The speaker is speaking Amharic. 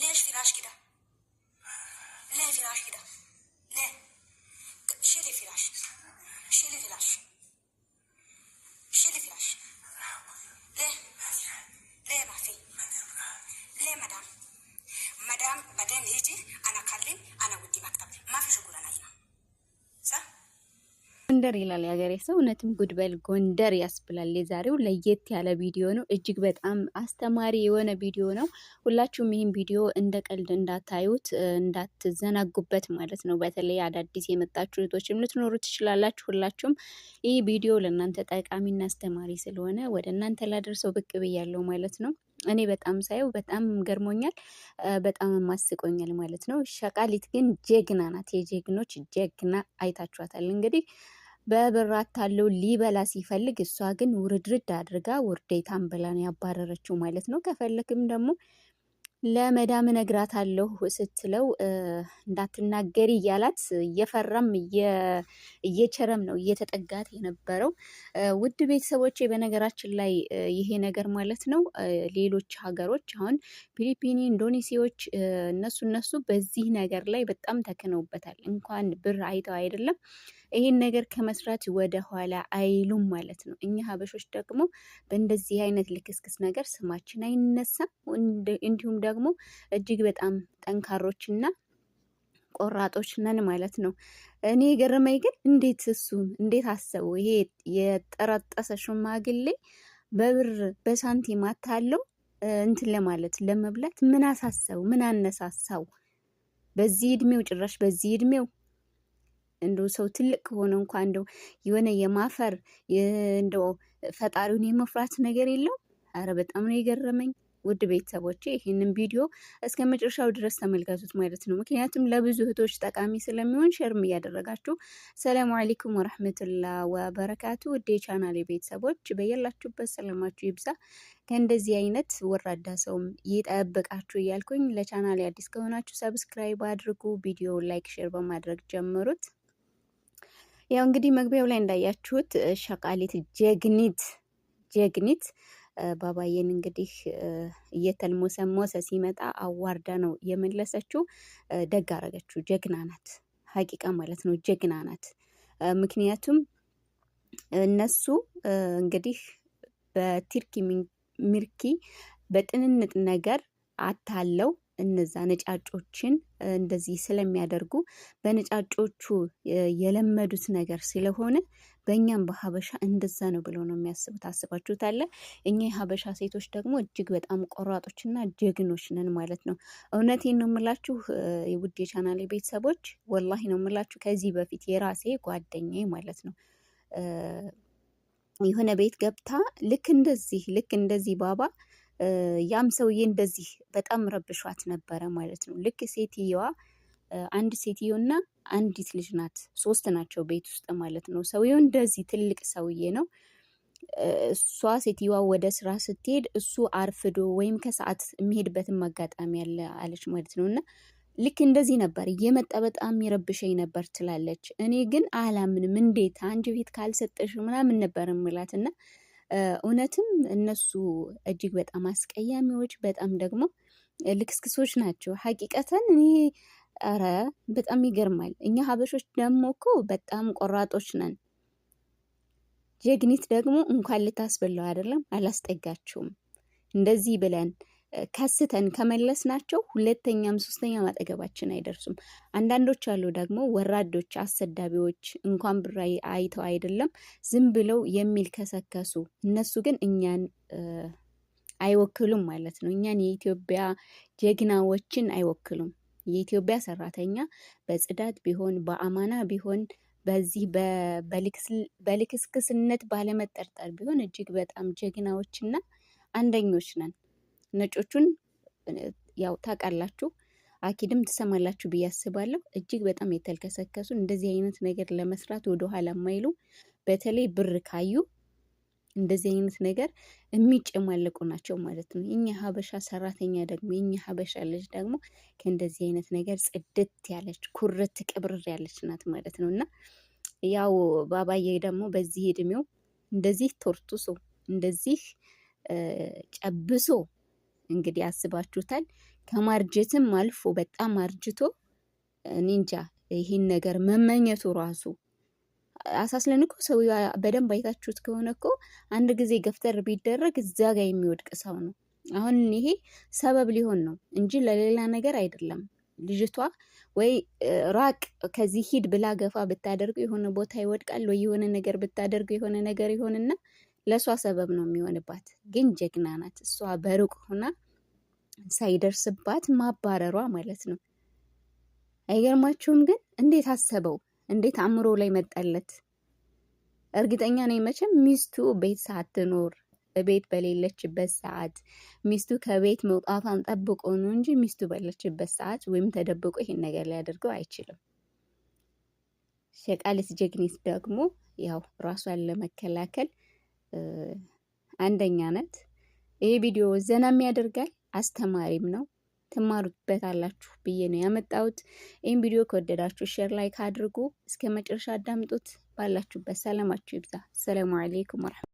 Lesh firaash gida. Lee firaash gida. Lee. ጎንደር ይላል የሀገሬ ሰው። እውነትም ጉድበል ጎንደር ያስብላል። የዛሬው ለየት ያለ ቪዲዮ ነው። እጅግ በጣም አስተማሪ የሆነ ቪዲዮ ነው። ሁላችሁም ይህን ቪዲዮ እንደ ቀልድ እንዳታዩት፣ እንዳትዘናጉበት ማለት ነው። በተለይ አዳዲስ የመጣችሁ እህቶችም ልትኖሩ ትችላላችሁ። ሁላችሁም ይህ ቪዲዮ ለእናንተ ጠቃሚና አስተማሪ ስለሆነ ወደ እናንተ ላደርሰው ብቅ ብያለሁ ማለት ነው። እኔ በጣም ሳየው በጣም ገርሞኛል፣ በጣም ማስቆኛል ማለት ነው። ሸቃሊት ግን ጀግና ናት፣ የጀግኖች ጀግና አይታችኋታል እንግዲህ በብር አታለው ሊበላ ሲፈልግ እሷ ግን ውርድርድ አድርጋ ውርዴታን ብላን ያባረረችው ማለት ነው። ከፈለክም ደግሞ ለመዳም እነግራታለሁ ስትለው እንዳትናገሪ እያላት እየፈራም እየቸረም ነው እየተጠጋት የነበረው። ውድ ቤተሰቦቼ፣ በነገራችን ላይ ይሄ ነገር ማለት ነው ሌሎች ሀገሮች አሁን ፊሊፒኒ፣ ኢንዶኔሲዎች እነሱ እነሱ በዚህ ነገር ላይ በጣም ተክነውበታል። እንኳን ብር አይተው አይደለም ይህን ነገር ከመስራት ወደ ኋላ አይሉም ማለት ነው። እኛ ሀበሾች ደግሞ በእንደዚህ አይነት ልክስክስ ነገር ስማችን አይነሳም። እንዲሁም ደግሞ እጅግ በጣም ጠንካሮችና ቆራጦች ነን ማለት ነው። እኔ የገረመኝ ግን እንዴት እሱን እንዴት አሰቡ? ይሄ የጠረጠሰ ሽማግሌ በብር በሳንቲም አታለው እንትን ለማለት ለመብላት ምን አሳሰቡ? ምን አነሳሳው? በዚህ እድሜው ጭራሽ በዚህ እድሜው እንደው ሰው ትልቅ ሆነ እንኳ እንደው የሆነ የማፈር እንደው ፈጣሪውን የመፍራት ነገር የለው። አረ በጣም ነው የገረመኝ። ውድ ቤተሰቦች ይህንን ቪዲዮ እስከ መጨረሻው ድረስ ተመልከቱት ማለት ነው። ምክንያቱም ለብዙ እህቶች ጠቃሚ ስለሚሆን ሸርም እያደረጋችሁ። ሰላሙ አሌይኩም ወረህመቱላ ወበረካቱ። ውድ የቻናል ቤተሰቦች በያላችሁበት ሰላማችሁ ይብዛ፣ ከእንደዚህ አይነት ወራዳ ሰውም ይጠብቃችሁ እያልኩኝ ለቻናል አዲስ ከሆናችሁ ሰብስክራይብ አድርጉ፣ ቪዲዮ ላይክ፣ ሼር በማድረግ ጀምሩት። ያው እንግዲህ መግቢያው ላይ እንዳያችሁት ሸቃሊት ጀግኒት ጀግኒት ባባዬን እንግዲህ እየተልሞሰሞሰ ሲመጣ አዋርዳ ነው የመለሰችው። ደግ አረገችው። ጀግና ናት፣ ሀቂቃ ማለት ነው። ጀግና ናት። ምክንያቱም እነሱ እንግዲህ በቲርኪ ሚርኪ በጥንንጥ ነገር አታለው እነዛ ነጫጮችን እንደዚህ ስለሚያደርጉ በነጫጮቹ የለመዱት ነገር ስለሆነ በእኛም በሀበሻ እንደዛ ነው ብለው ነው የሚያስቡት። አስባችሁታል? እኛ የሀበሻ ሴቶች ደግሞ እጅግ በጣም ቆራጦችና ጀግኖች ነን ማለት ነው። እውነቴን ነው የምላችሁ የውድ የቻናሌ ቤተሰቦች፣ ወላሂ ነው የምላችሁ። ከዚህ በፊት የራሴ ጓደኛዬ ማለት ነው የሆነ ቤት ገብታ ልክ እንደዚህ ልክ እንደዚህ ባባ ያም ሰውዬ እንደዚህ በጣም ረብሿት ነበረ ማለት ነው። ልክ ሴትየዋ አንድ ሴትዮና አንዲት ልጅ ናት፣ ሶስት ናቸው ቤት ውስጥ ማለት ነው። ሰውየው እንደዚህ ትልቅ ሰውዬ ነው። እሷ ሴትዮዋ ወደ ስራ ስትሄድ እሱ አርፍዶ ወይም ከሰዓት የሚሄድበትን አጋጣሚ ያለ አለች ማለት ነው። እና ልክ እንደዚህ ነበር እየመጣ በጣም ይረብሸኝ ነበር ትላለች። እኔ ግን አላምንም፣ እንዴት አንቺ ቤት ካልሰጠሽ ምናምን ነበር እምላት እና እውነትም እነሱ እጅግ በጣም አስቀያሚዎች በጣም ደግሞ ልክስክሶች ናቸው። ሀቂቀተን እኔ ኧረ በጣም ይገርማል። እኛ ሀበሾች ደግሞ እኮ በጣም ቆራጦች ነን። ጀግኒት ደግሞ እንኳን ልታስበላው አይደለም አላስጠጋችውም እንደዚህ ብለን ከስተን ከመለስ ናቸው ሁለተኛም ሶስተኛም አጠገባችን አይደርሱም። አንዳንዶች አሉ ደግሞ ወራዶች፣ አሰዳቢዎች እንኳን ብር አይተው አይደለም ዝም ብለው የሚል ከሰከሱ። እነሱ ግን እኛን አይወክሉም ማለት ነው። እኛን የኢትዮጵያ ጀግናዎችን አይወክሉም። የኢትዮጵያ ሰራተኛ በጽዳት ቢሆን በአማና ቢሆን በዚህ በልክስክስነት ባለመጠርጠር ቢሆን እጅግ በጣም ጀግናዎችና አንደኞች ነን። ነጮቹን ያው ታውቃላችሁ፣ አኪድም ትሰማላችሁ ብዬ አስባለሁ። እጅግ በጣም የተልከሰከሱ እንደዚህ አይነት ነገር ለመስራት ወደኋላ የማይሉ በተለይ ብር ካዩ እንደዚህ አይነት ነገር የሚጨማለቁ ናቸው ማለት ነው። የኛ ሀበሻ ሰራተኛ ደግሞ የኛ ሀበሻ ልጅ ደግሞ ከእንደዚህ አይነት ነገር ጽድት ያለች ኩርት ቅብርር ያለች ናት ማለት ነው። እና ያው ባባዬ ደግሞ በዚህ እድሜው እንደዚህ ቶርቱሶ እንደዚህ ጨብሶ እንግዲህ አስባችሁታል። ከማርጀትም አልፎ በጣም አርጅቶ እኔ እንጃ ይህን ነገር መመኘቱ ራሱ አሳስለን እኮ ሰው በደንብ አይታችሁት ከሆነ እኮ አንድ ጊዜ ገፍተር ቢደረግ እዛ ጋር የሚወድቅ ሰው ነው። አሁን ይሄ ሰበብ ሊሆን ነው እንጂ ለሌላ ነገር አይደለም። ልጅቷ ወይ ራቅ ከዚህ ሂድ ብላ ገፋ ብታደርገው የሆነ ቦታ ይወድቃል፣ ወይ የሆነ ነገር ብታደርገው የሆነ ነገር ይሆንና ለእሷ ሰበብ ነው የሚሆንባት። ግን ጀግና ናት እሷ በሩቅ ሆና ሳይደርስባት ማባረሯ ማለት ነው። አይገርማችሁም? ግን እንዴት አሰበው? እንዴት አእምሮ ላይ መጣለት? እርግጠኛ ነኝ መቼም ሚስቱ ቤት ሳትኖር ቤት በሌለችበት ሰዓት ሚስቱ ከቤት መውጣቷን ጠብቆ ነው እንጂ ሚስቱ በሌለችበት ሰዓት ወይም ተደብቆ ይሄን ነገር ሊያደርገው አይችልም። ሸቃልስ ጀግኒት ደግሞ ያው ራሷን ለመከላከል አንደኛ ነት ይህ ቪዲዮ ዘናም ያደርጋል። አስተማሪም ነው ትማሩበታላችሁ ብዬ ነው ያመጣሁት። ይህን ቪዲዮ ከወደዳችሁ ሼር፣ ላይክ አድርጉ። እስከ መጨረሻ አዳምጡት። ባላችሁበት ሰላማችሁ ይብዛ። ሰላሙ አሌይኩም ወረሐመ